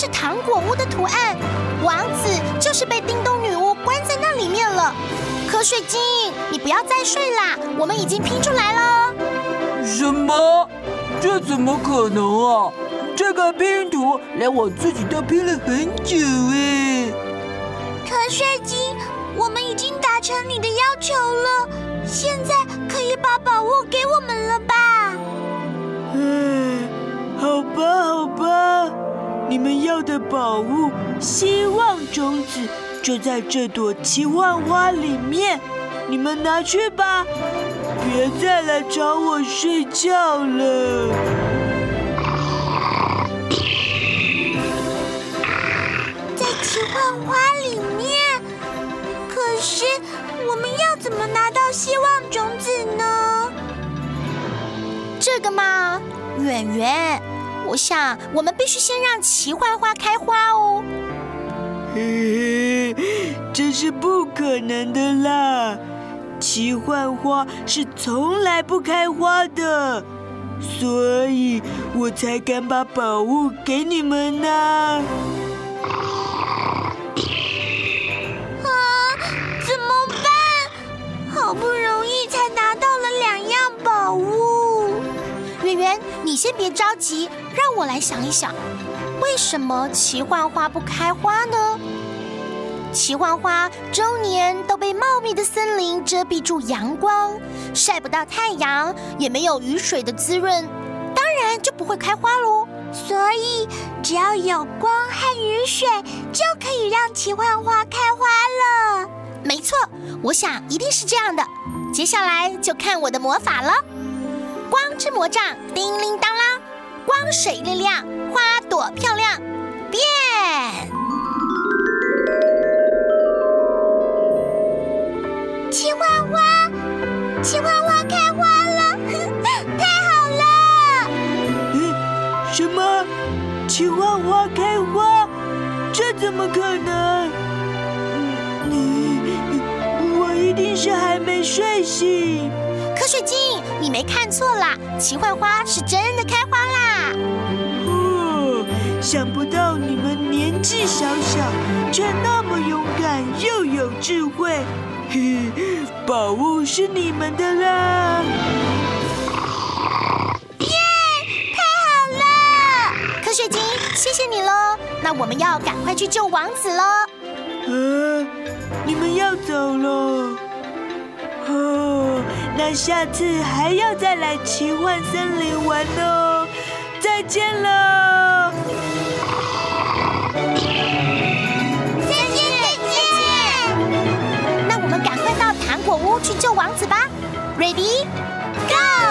是糖果屋的圖案，王子就是被叮咚女巫關在那裡面了。瞌睡精，你不要再睡啦，我們已經拼出來了。什麼？這怎麼可能啊？這個拼圖連我自己都拼了很久誒。瞌睡精，我們已經達成你的要求了，現在可以把寶物給我們了吧？嗯，好吧。你們要的寶物——希望種子，就在這朵奇幻花裡面。你們拿去吧，別再來找我睡覺了。在奇幻花裡面，可是我們要怎麼拿到希望種子呢？這個嘛，圓圓。我想，我們必須先讓奇幻花開花哦。嘿嘿，這是不可能的啦，奇幻花是從來不開花的，所以我才敢把寶物給你們呢啊。圓圓，你先別着急，讓我來想一想，為什麼奇幻花不開花呢？奇幻花終年都被茂密的森林遮蔽住陽光，曬不到太陽，也沒有雨水的滋潤，當然就不會開花嘍。所以只要有光和雨水，就可以讓奇幻花開花了。沒錯，我想一定是這樣的。接下來就看我的魔法了。光之魔杖，叮鈴噹啷，光水力量，花朵漂亮，變！奇幻花，花，奇幻花，花開花了，呵呵，太好了！嗯，什麼？奇幻花，花開花？這怎麼可能？你，你我一定是還沒睡醒。水晶，你沒看錯啦，奇幻花是真的開花啦！哦，想不到你們年紀小小，卻那麼勇敢又有智慧，嘿，寶物是你們的啦！耶、yeah，太好了！水晶，謝謝你嘍，那我們要趕快去救王子嘍！啊、呃，你們要走了？下次還要再來奇幻森林玩哦，再見了，再見再見！那我們趕快到糖果屋去救王子吧，Ready，Go！